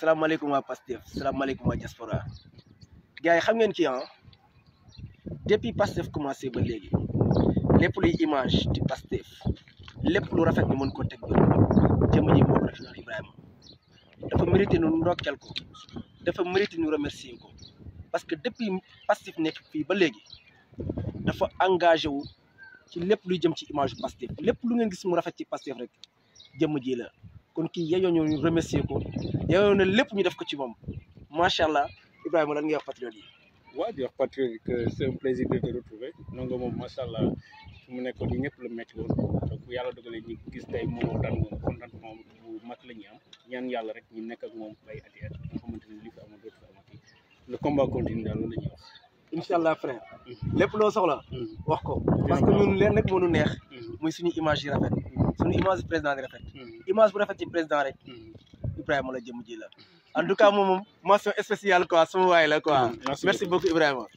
salaamaaleykum waa Pastef salaamaaleykum waa diaspora gars yi xam ngeen ki ah depuis Pastef commencé ba léegi lépp luy image di Pastef lépp lu rafet ñu mën ko teg ba jëmm ji moom rafet Ibrahima dafa mérité ñu ndokkeel ko dafa mérité nu remercier ko parce que depuis Pastef nekk fii ba léegi dafa engagé wu ci lépp luy jëm ci image Pastef lépp lu ngeen gis mu rafet ci Pastef rek jëmm ji la. kon kii yeyoo ñu remercier ko yeyoo na lépp ñu def ko ci moom macha allah Ibrahima lan ngay wax patriote yi. waaw wax patriote yi que c' allah fu mu nekkoon ñu ñëpp la métti woon donc yàlla dogalee ñu gis tey moom waxtaan moom contentement la ñuy am ñaan yàlla rek ñu nekk moom bay ati at nga xamante ni le combat loolu ñuy wax. incha allah frère mm-hmm. lépp loo soxla. Mm-hmm. wax ko mm-hmm. parce que ñun leen rek moo ñu neex. image rafet. suñu image président di rafet hmm. image bu rafet ci président rek hmm. Ibrahima la jëm ji la en tout cas moom moom mention spéciale quoi sama waay la quoi hmm. merci beaucoup Ibrahima